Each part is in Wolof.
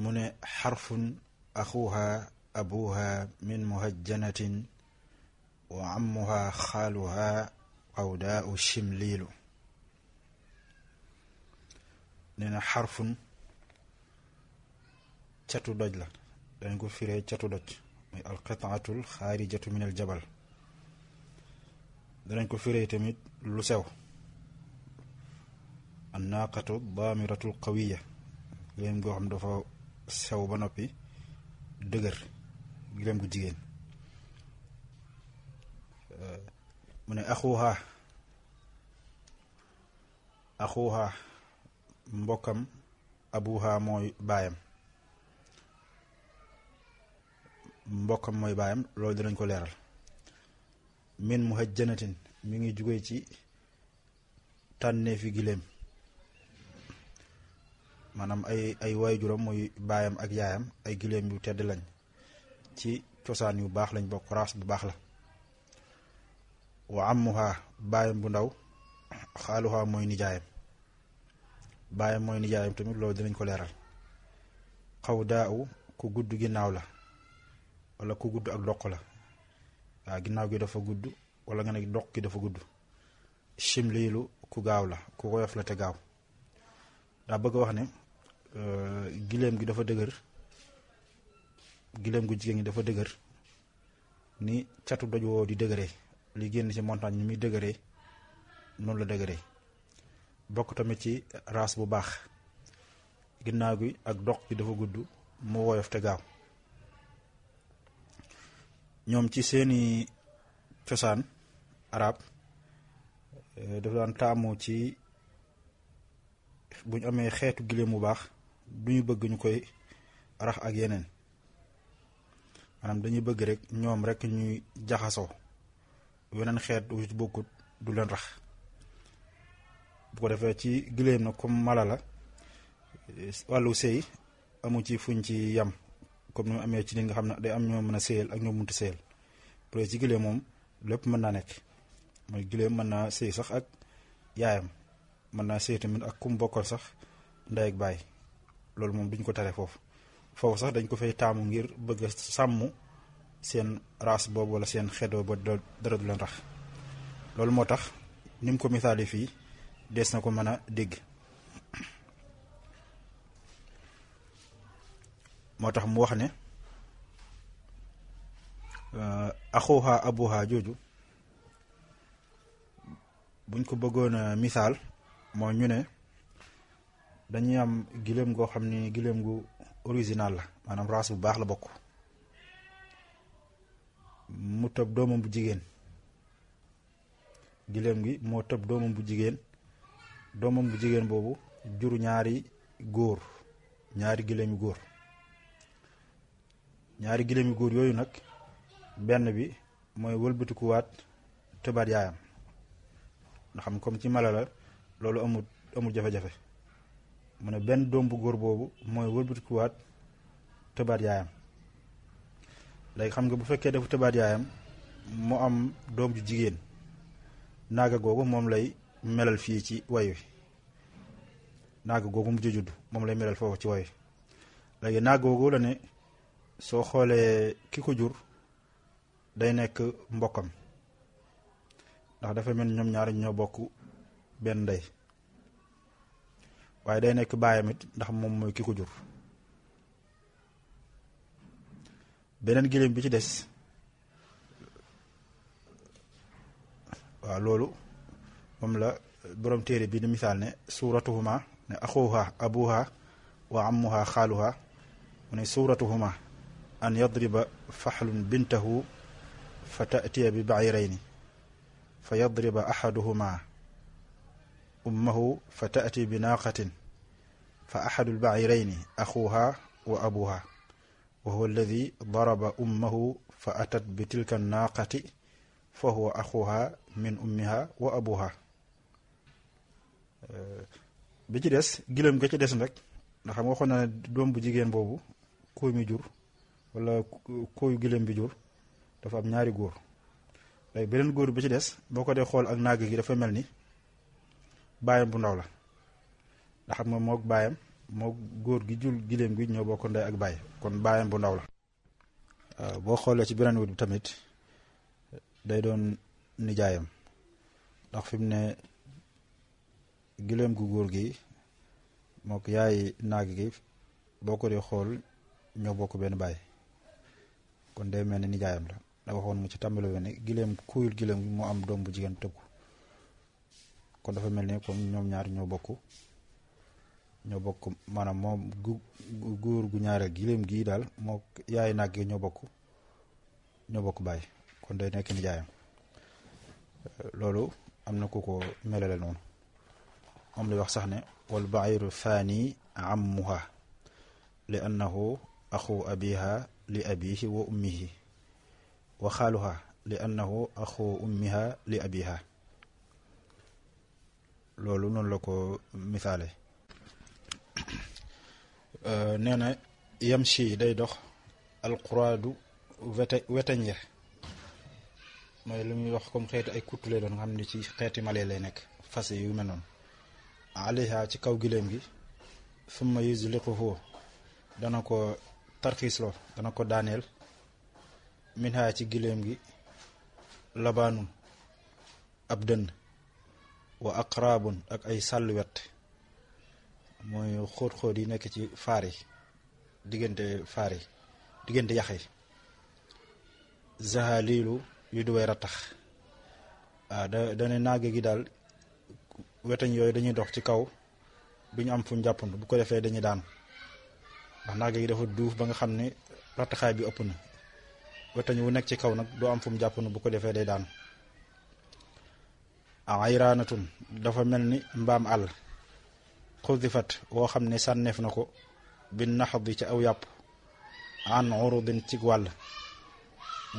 من حرف أخوها أبوها من مهجنة وعمها خالها أوداء الشمليل نين حرف تشتو دجلة نقول في رأي تشتو دج القطعة الخارجة من الجبل دنا في رأي تميت لسو الناقة الضامرة القوية لين قوم دفعوا sew ba noppi dëgër gileem gu jigéen mu ne axuuxa axuuxa mbokkam abuuxa mooy baayam mbokkam mooy baayam loolu dinañ ko leeral min muhajjanatin mu ngi jugee ci tànnee fi giléem maanaam ay ay waajuram mooy baayam ak yaayam ay gileem yu tedd lañ ci cosaan yu baax lañ bokk raas bu baax la wa amuha baayam bu ndaw xaaluha mooy nijaayam baayam mooy nijaayam tamit loolu dinañ ko leeral xaw daaw ku gudd ginnaaw la wala ku gudd ak doq la waaw ginnaaw gi dafa gudd wala nga ne doq gi dafa gudd chimliilu ku gaaw la ku woyof la te gaaw daa bëgg wax ne Euh, gileem gi dafa dëgër gileem gu jigéen gi dafa dëgër ni catu doj di dëgëree li génn ci montagne ni muy dëgëree noonu la dëgëree bokk tamit ci raas bu baax ginnaaw gi ak dox gi dafa gudd mu woyof te gaaw ñoom ci seeni cosaan arab euh, dafa daan taamu ci bu ñu amee xeetu gileem bu baax duñu bëgg ñu koy rax ak yeneen maanaam dañuy bëgg rek ñoom rek ñuy jaxasoo weneen xeet wu bokkut du leen rax bu ko defee ci giléem na comme mala la wàllu sëy amu ci fuñ ci yam comme ni amee ci li nga xam ne day am ñoo mën a sëyal ak ñoo mënut a sëyal pour ci giléem moom lépp mën naa nekk mooy giléem mën naa sëy sax ak yaayam mën naa sëy tamit ak kum bokkal sax ndey ak baay loolu moom duñ ko tare foofu foofu sax dañ ko fay taamu ngir bëgg sàmm seen race boobu wala seen xedo ba dara du leen rax loolu moo tax ni ko misaale fii des na ko mën a dégg moo tax mu wax ne euh, axuha abuha jooju buñ ko bëggoon a misaal moo ñu ne dañuy am gilém goo xam ni gilém gu original la maanaam race bu baax la bokk mu topp doomam bu jigéen gilém gi moo topp doomam bu jigéen doomam bu jigéen boobu juru ñaari góor ñaari gilém yu góor ñaari gilém yu góor yooyu nag benn bi mooy wëlbatikuwaat tëbaat yaayam xam comme ci mala la loolu amul amul jafe-jafe mu ne benn doom bu góor boobu mooy wëlbatikuwaat tëbaat yaayam léegi xam nga bu fekkee dafa tëbaat yaayam mu am doom ju jigéen naaga googu moom lay melal fii ci way wi naaga googu mu jëjudd moom lay melal foofu ci wayu wi léegi naaga googu la ne soo xoolee ki ko jur day nekk mbokkam ndax dafa mel ñoom ñaar ñoo bokk benn ndey waye day nek baayam it ndax mom moy kiko jur benen gëléem bi ci dess wa loolu mom la borom tere bi ni misal ne suratuhuma ne akhuha abuha wa ammuha khaluha ne suratuhuma an yadriba fahlun bintahu fa bi ba'irayn fa ahaduhuma أمه فتأتي بناقة فأحد البعيرين أخوها وأبوها وهو الذي ضرب أمه فأتت بتلك الناقة فهو أخوها min ummiha wa abuha bi ci des gilam ga ci des nag ndax xam nga waxoon naa ne doom bu jigéen boobu kóoy mi jur wala kóoyu gilam bi jur dafa am ñaari góor léegi beneen góor bi ci des boo ko dee xool ak naag gi dafa mel ni baayam bu ndaw la ndax nga mook baayam mook góor gi jul giléem gi ñoo bokk ndey ak baay kon baayam bu ndaw la euh, boo xoolee ci beneen wut bi tamit day doon nijaayam ndax fi mu ne giléem gu góor gi mook yaay naag gi boo ko xool ñoo bokk benn baay kon day mel ni nijaayam la da waxoon mu ci tàmbali woon ne giléem ku giléem gi moo am doom bu jigéen tëggu kon dafa mel ne comme ñoom ñaar ñoo bokk ñoo bokk maanaam moom góor gu ñaareel giléem gii daal moo yaay nag gi ñoo bokk ñoo bokk baay kon day nekk nijaayam loolu am na ko ko melale noonu moom lay wax sax ne wal bairu faani ammuha li annahu axu abiha li abihi wa ummihi wa xaaluha li annahu axu ummiha li abiha loolu noonu la ko misaale euh, nee na yamshi day dox alquraadu wete weteñir mooy lu muy wax comme xeeti ay kuttule doon nga xam ne ci xeeti male lay nekk fas yu mel noonu aliha ci kaw giléem gi summa yuzliquhu dana ko tarxiisloo dana ko daaneel minha ci giléem gi labaanu ab dënn waa ak xarabon ak ay wet mooy xóot-xóot yi nekk ci faar yi diggante faar yi diggante yax yi zahaliilu yu du way rattax waaw ah, da dane naaga gi daal wetañ yooyu dañuy dox ci kaw duñu am fu njàppand bu ko defee dañuy daan ndax naaga gi dafa duuf ba nga xam ne rattaxaay bi ëpp na wetañ wu nekk ci kaw nag du am fu mu jàppand bu ko defee day daan ayraanatun dafa mel ni mbaam àll xudifat woo xam ne sànneef na ko bi naxdi ca aw yàpp an urudin cig wàll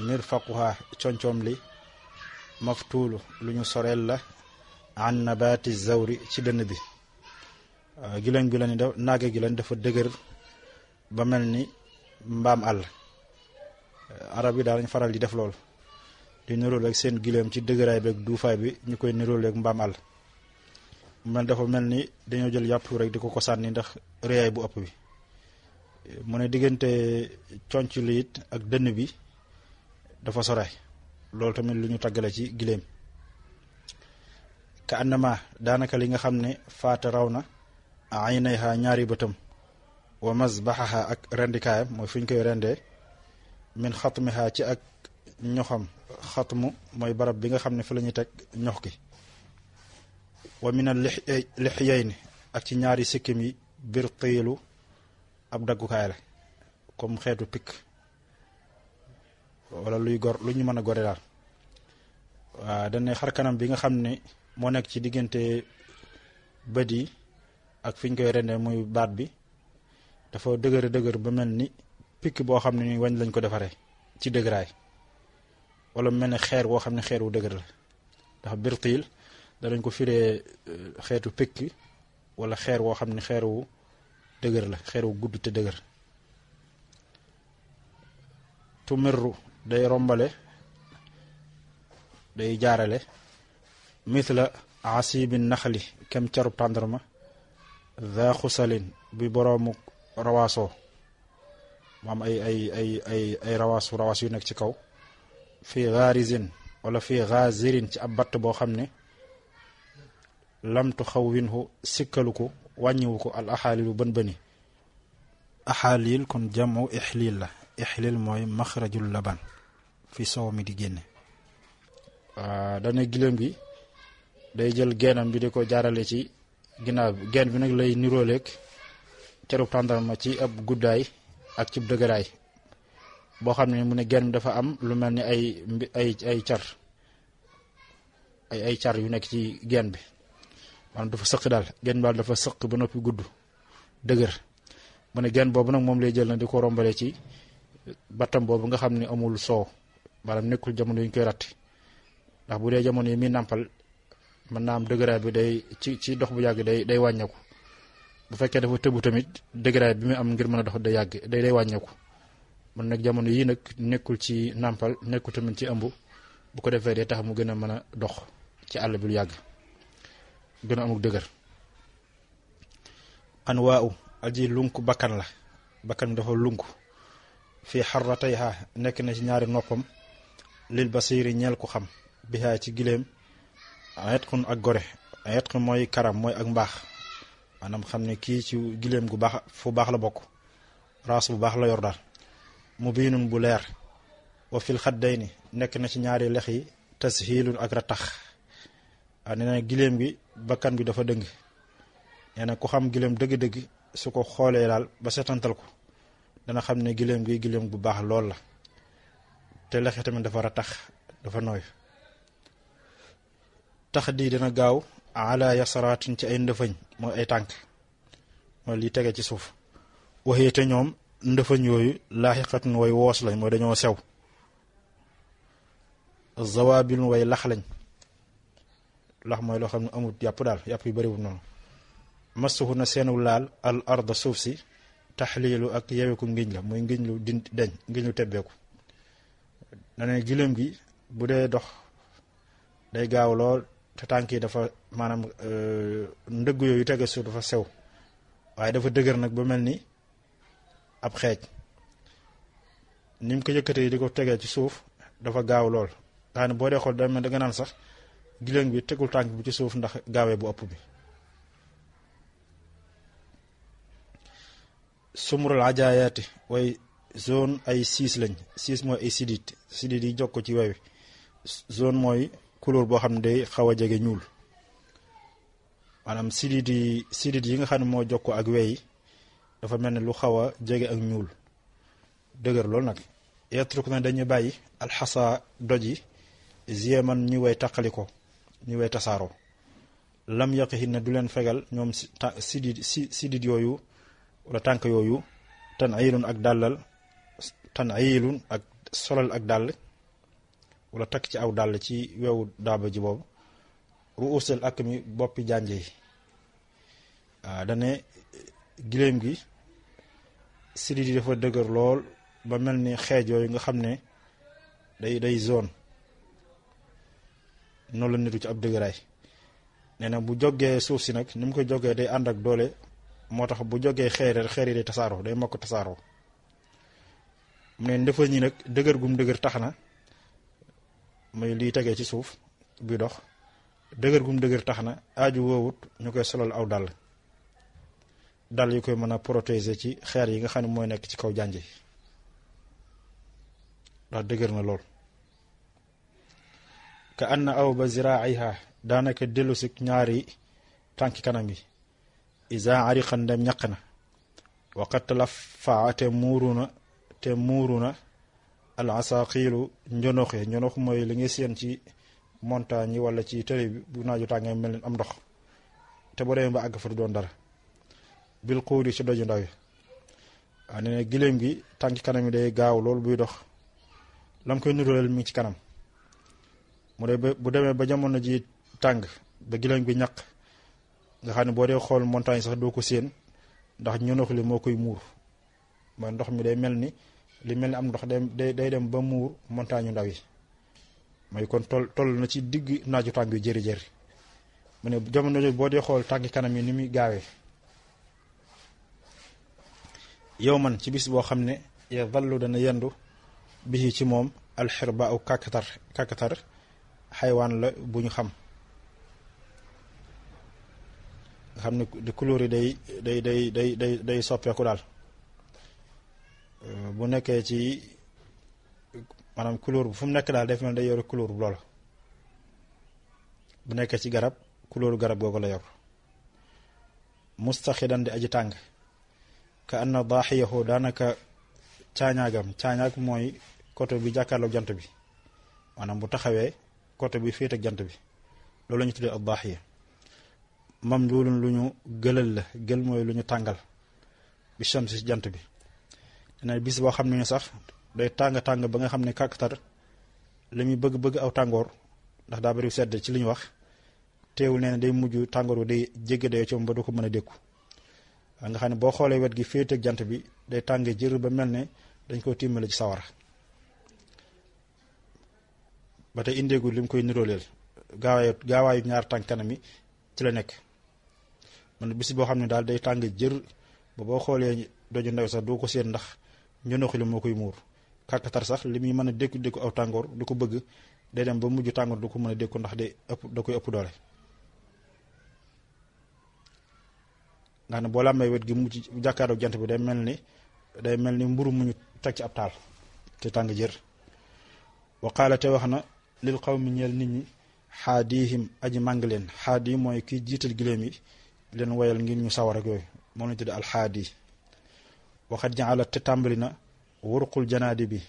mirfaquha concoom li maftuulu lu ñu soreel la an nabaati zawri ci dënn bi gilan euh, gilan da naaga gilan dafa dëgër ba mel ni mbaam àll euh, arab yi daal faral di def loolu di niróoleeg seen gileem ci dëgëraay beeg duufaay bi ñu koy niróoleeg mbaam àll man dafa mel ni dañoo jël yàpp rek di ko ko sànni ndax réyaay bu ëpp bi mu ne diggante conc li ak dënn bi dafa soraay loolu tamit lu ñu tàggale ci gileem ka annama daanaka li nga xam ne faata raw na ay nay xaa ñaari bëtam wa masbaxaha ak rendikaayam mooy fi ñu koy rendee min xatmiha ci ak ñoxam khatmu moy barab bi nga xamne ne fi la ñuy ñox gi wa min al lihyayn eh, ak ci ñaari sikim yi bir tilu ab kay la comme xetu pic wala luy gor luñu mëna goré dal wa dañ né xar kanam bi nga xamne mo nek ci digënté bët ak fiñ koy rendé moy baat bi dafa dëgeur dëgeur ba melni pic bo xamne xam wañ lañ ko défaré ci dëgëraay wala mel ne xeer woo xam ne xeer wu dëgër la ndax birtiil danañ ko firee xeetu pëkki wala xeer woo xam ne xeer wu dëgër la xeer wu gudd te dëgër tumirru day rombale day jaarale mithla asibin naxli kem carub tàndarma daa xusalin bi boroomu rawaasoo maam ay ay ay ay ay rawaasu rawaas yu nekk ci kaw fii gharizin wala fii ghazirin ci ab batt boo xam ne lamtu xawwinhu sikkalu ko wàññiwu ko al axaalilu bën bëni axaalil kon jamu ixlil la ixlil mooy maxrajul laban fi soow mi di génne dana giléem gi day jël geenam bi di ko jaarale ci ginnaaw bi geen bi nag lay nirooleeg cerub tàndarma ci ab guddaay ak cib dëgëraay boo xam ne mu ne genn dafa am lu mel ni ay ay ay car ay ay car yu nekk ci gen bi maanaam dafa sëq daal genn daal dafa sëq ba noppi gudd dëgër mu ne genn boobu nag moom lay jël na di ko rombale ci battam boobu nga xam ni amul soow maanaam nekkul jamono yu ñu koy ratti ndax bu dee jamono yi muy nàmpal mën naa am dëgëraay bi day ci ci dox bu yàgg day day wàññeeku bu fekkee dafa tëbu tamit dëgëraay bi muy am ngir mën a dox day yàgg day day wàññeeku man nag jamono yii nag nekkul ci nàmpal nekkul tamit ci ëmb bu ko defee dee tax mu gën a mën a dox ci àll bi lu yàgg gën a amuk dëgër an waaw aji lunk bakkan la bakkan bi dafa lunk fii xarratayha nekk na ci ñaari noppam lil basiri ñeel ku xam bihaa ci giléem ayetxun ak gore ayetxun mooy karam mooy ak mbaax maanaam xam ne kii ci giléem gu baax fu baax la bokk ras bu baax la yor daal mubiinun bu leer wa fil xaddayni nekk na ci ñaari lex yi tashiilun ak ratax waaw ah, nee giléem gi bakkan bi dafa dëng nee na ku xam giléem dëgg-dëgg su ko xoolee daal ba setantal ko dana xam ne giléem gi giléem bu baax lool la te lexe tamit dafa ratax dafa nooy tax di dana gaaw ala yasaraatin ci ay ndëfañ mooy ay tànk mooy li tege ci suuf waxee te ñoom ndëfañ yooyu laaxiqatun way woos lañ mooy dañoo sew zawaabilun way lax lañ lax mooy loo xam ne amul yàpp daal yàpp yu bëriwul noonu massuhu na seenu laal al arda suuf si taxliilu ak yeweku ngiñ la muy ngiñ lu din deñ ngiñ lu tebbeeku dane giléem gi bu dee dox day gaaw lool te tànk yi dafa maanaam euh, ndëgg yooyu tege suuf dafa sew waaye dafa dëgër nag ba mel ni ab xeej ni mu ko yëkkatee di ko tegee ci suuf dafa gaaw lool nga ne boo dee xool da mel da sax giléem bi tegul tànk bi ci suuf ndax gaawee bu ëpp bi sumrul ajaayaati way zone ay siis lañ siis mooy ay sidit sidit yi jokk ci way wi zone mooy couleur boo xam ne day xaw a jege ñuul maanaam sidit yi sidit yi nga xam ne moo jokkoo ak wey dafa mel ne lu xaw a jege ak ñuul dëgër loolu nag yetruk na dañuy bàyyi alxasa doj yi man ñu way taqali ko ñu way tasaaroo lam yaqixin na du leen fegal ñoom sidid si sidid yooyu wala tànk yooyu tan ayilun ak dàllal tan ayilun ak solal ak dàll wala takk ci aw dàll ci weewu daaba ji boobu ruusel ak mi boppi jànje yi waaw dane giléem gi sidit yi dafa dëgër lool ba mel ni xeej yooyu nga xam ne day day zone noonu la nitu ci ab dëgëraay nee na bu jogee suuf si nag ni mu koy jogee day ànd ak doole moo tax bu jogee xeer yi xeer yi day tasaaroo day mokk tasaaroo mu ne ndëfal ñi nag dëgër gum dëgër tax na muy liy tegee ci suuf bi dox dëgër gum dëgër tax na aaju woowut ñu koy solal aw dàll dal yi koy mën a protéger ci xeer yi nga xam ne mooy nekk ci kaw jànj yi ndax dëgër na lool ka anna aw ba ziraiha daanaka dellu si ñaari tànki kanam yi isa ariqan dem ñaq na waqat la faa te muuru na te muuru na al asaqilu njonox ya njonox mooy li ngay seen ci montagne yi wala ci tëri bi bu naaju tàngee mel ne am ndox te boo demee ba àgg fa du doon dara bil xuuri ci doju ndaw yi waaw ah, nee na giléem gi tànki kanam yi day gaaw loolu buy dox lam koy nuraleel mi ngi ci kanam mu dee bu demee ba jamono ji tànk ba giléem bi ñaq nga xam ne boo dee xool montagne sax doo ko séen ndax ñonox li moo koy muur mooy ndox mi day mel ni li mel ni am ndox day day dem ba muur montagne yu ndaw yi may kon toll toll na ci digg naaju tàng yu jëri jëri mu ne jamono ji boo dee xool tànki kanam yi ni muy gaawee yow man ci bis boo xam ne ya vallu dana yendu bihi ci moom alxirba u kàkkatar kàkkatar xaywaan la bu ñu xam nga xam ne di couleur yi day day day day day day soppeeku daal bu nekkee ci maanaam couleur bu fu mu nekk daal def mel day yor couleur bu loola bu nekkee ci garab couleur garab googu la yor mustaxidan di aj tàng ka anna daaxiyahu daanaka caañaagam caañaag mooy côté bi jàkkaarloog jant bi maanaam bu taxawee côté bi féet ak jant bi loolu la ñu tuddee ab daaxiya mam luulun lu ñu gëlal la gël mooy lu ñu tàngal bi shams jant bi dina bis boo xam ne sax day tàng-tàng ba nga xam ne kàkkatar lu muy bëgg-bëgg aw tàngoor ndax daa bari sedd ci lu ñu wax teewul nee day mujj tàngoor wi day jégg dayoo ci moom ba du ko mën a dékku nga xam ne boo xoolee wet gi féeteeg jant bi day tàngee jër ba mel ne dañ ko timmale ci sawara ba tey indeegul li mu koy nirooleel gaawaayu gaawaayu ñaar tànk kanam yi ci la nekk man bis boo xam ne daal day tàng jër ba boo xoolee doju ndaw sax doo ko seen ndax ñonoxi li moo koy muur kàkkatar sax li muy mën a dékku dékku aw tàngoor du ko bëgg day dem ba mujj tàngoor du ko mën a dékku ndax day ëpp da koy ëpp doole nga ne boo làmbee wet gi mu ci jàkkaaroog jant bi day mel ni day mel ni mburu mu ñu teg ci ab taal te tàng jër wa qaala te wax na lil qawmi ñeel nit ñi xaadihim aji màng leen xaadi mooy kii jiital giléem yi leen woyal ngir ñu sawar ak yooyu moom lañ tudde alxaadi waxat jaala te tàmbali na wurqul janaadi bi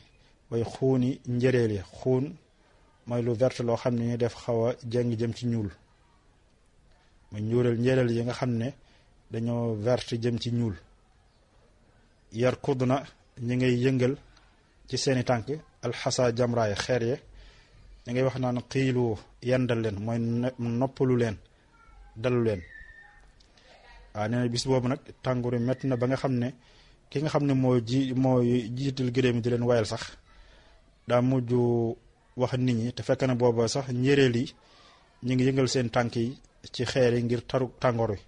way xuuni njëreel yi xuun mooy lu verte loo xam ne ñu def xaw a jeng jëm ci ñuul mooy ñuureel njëreel yi nga xam ne dañoo verte jëm ci ñuul yar kudd na ñi ngay yëngal ci seeni tànk alxasa jamraay xeer ye ñi ngay wax naan xiilu yandal leen mooy noppalu leen dalu leen waaw nee na bis boobu nag tàngooru metti na ba nga xam ne ki nga xam ne moo ji moo jiital gëréem di leen wayal sax daa mujj wax nit ñi te fekk na booba sax njéréel yi ñu ngi yëngal seen tànk yi ci xeer yi ngir taru tàngoor wi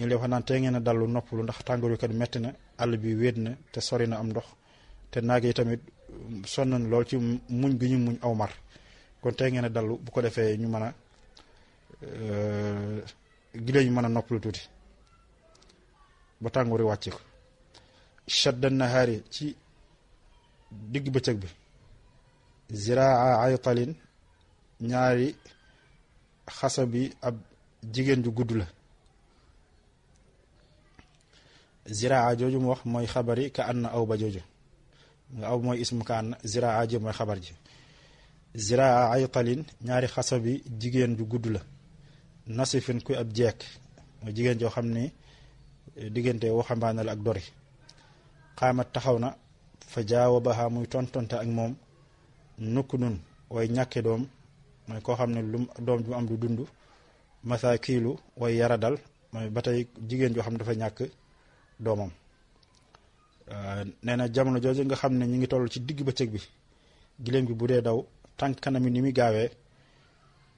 ñu ngi lay wax ngeen a dallu noppalu ndax tàngoor wi kat métti na àll bi wéet na te sori na am ndox te naag yi tamit sonn na lool ci muñ gi ñu muñ aw mar kon te ngeen dallu bu ko defee ñu mën a euh, gilee ñu mën a noppalu tuuti ba tàngoor wi wàcce ko shadda nahaari ci digg bëccëg bi ziraa aytalin ñaari xasa bi ab jigéen ju gudd la ziraa jooju mu wax mooy xabar yi ka anna aw ba jooju nga aw mooy ismu ka anna ziraa ji mooy xabar ji ziraa ay qalin ñaari xasa bi jigéen ju gudd la nasifin kuy ab jeek mooy jigéen joo xam ni eh, diggante waxambaane la ak dori xaamat taxaw na fa jaawo baxa muy tontonte ak moom nukk nun way ñàkke doom mooy koo xam ne lu doom ju mu am du dund masaakiilu way yaradal mooy ba tey jigéen joo xam ne dafa ñàkk doomam euh, nee na jamono jooju nga xam ne ñu ngi toll ci digg bëccëg bi giléem gi bu dee daw tànk kanam yi ni muy gaawee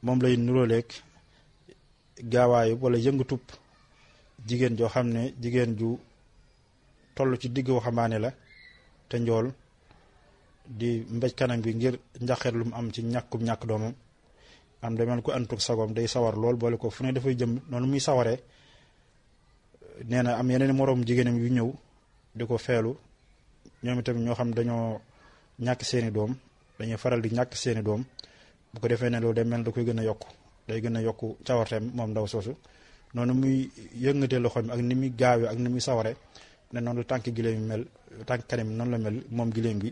moom lay nuróoleeg gaawaayu wala yëngatub jigéen joo xam ne jigéen ju toll ci digg waxambaane la te njool di mbéj kanam gi ngir njaxeet lu mu am ci ñàkkum ñàkk doomam am demel ko antuk sagoom day sawar lool boole ko fu ne dafay jëm noonu muy sawaree nee na am yeneen moroom jigéenam yu ñëw di ko feelu ñoom itam ñoo xam dañoo ñàkk seeni doom dañuy faral di ñàkk seeni doom bu ko defee ne loolu day mel da koy gën a yokk day gën a yokk cawarteem moom ndaw soosu noonu muy yëngatee loxoom ak ni muy gaawee ak ni muy saware ne noonu la tànk gileem mel tànk kanam noonu la mel moom gileem bi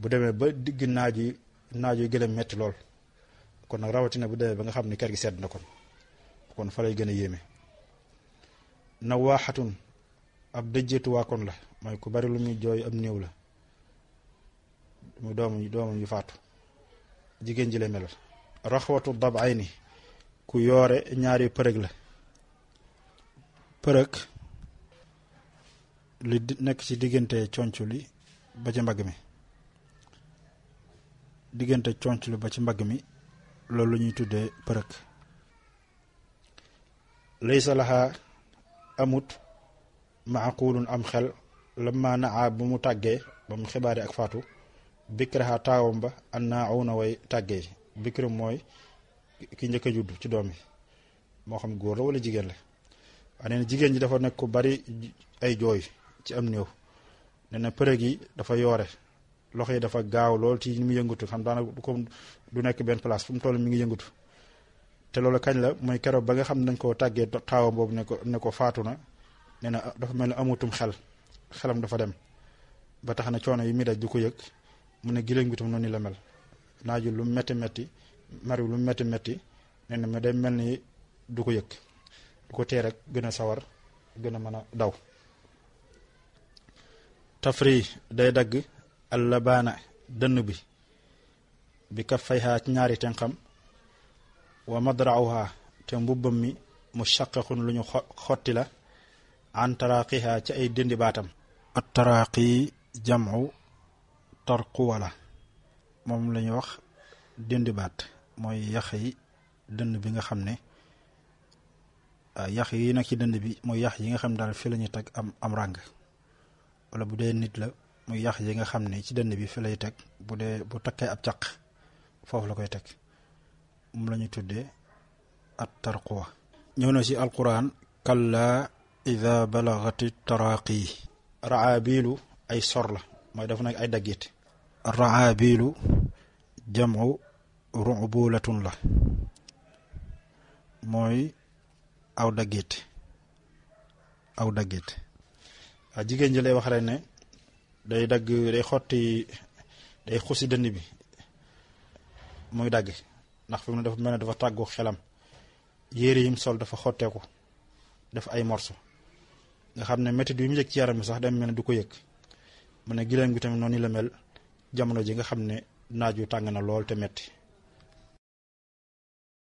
bu demee ba digg naaj yi naaj yi gën metti lool kon nag rawatina bu demee ba nga xam ni ker gi sedd na kon kon fa lay gën a yéeme nawaaxatun ab dëjjeetu waakoon la mooy ku bari lu muy jooy ab néew la mu doomu doomam yu faatu jigéen ji la melal raxwatu dab ay ni ku yoore ñaari përëg la përëg li nekk ci diggante conc li ba ci mbagg mi diggante conc li ba ci mbagg mi loolu la ñuy tudde përëg laysa laxaa amut maaqulun am xel lamma naa bu mu tàggee ba mu xibaari ak faatu bikraha taawam ba an naa aw na way tàggee bikra mooy ki njëkk a ci doom moo xam góor la wala jigéen la waaye jigéen ji dafa nekk ku bari ay jooy ci am néew nee na përëg yi dafa yoore loxo yi dafa gaaw lool ci ni mu yëngatu xam daanaka du du nekk benn place fu mu toll mi ngi yëngatu te loolu kañ la mooy keroog ba nga xam ne dañ koo tàggee taawam boobu ne ko ne ko faatu na nee na ah, dafa mel ne amutum xel xelam dafa dem ba tax na coono yi muy daj du ko yëg mu ne giléem gi tam noonu la mel naaju lu metti metti mari lu metti metti nee na ma day mel ni du ko yëg du ko tee rek gën a sawar gën a mën a daw tafri day dagg allabaana dënn bi bi ka fayxaa ci ñaari tenxam wa madrauha te mbubbam mi mu shaqaqun lu ñu xotti la an taraqiha ci ay dindi baatam at taraqi jamu moom la wax dindi baat mooy yax yi dënd bi nga xam ne ah, yax yi nag ci dënd bi mooy yax yi nga xam ne daal fi la ñuy teg am am ràng wala bu dee nit la muy yax yi nga xam ne ci dënd bi fi lay teg bu dee bu takkee ab caq foofu la koy teg moom la ñu tuddee at tarquwa ñëw na ci alquran kalla isa balagati taraaqi raabilu ay sor la mooy dafa nekk ay daggit raabilu jamu rubulatun la mooy aw daggit aw daggit waa jigéen ji lay wax ne day dagg day xotti day xusi dënn bi mooy dagg ndax fi mu ne dafa mel ne dafa tàggu xelam yére yim sol dafa xotteeku def ay morso nga xam ne métti bi mu yëg ci yaram bi sax dem mel ne du ko yëg mu ne gileem gi tamit noonu la mel jamono ji nga xam ne naaj wi tàng na lool te métti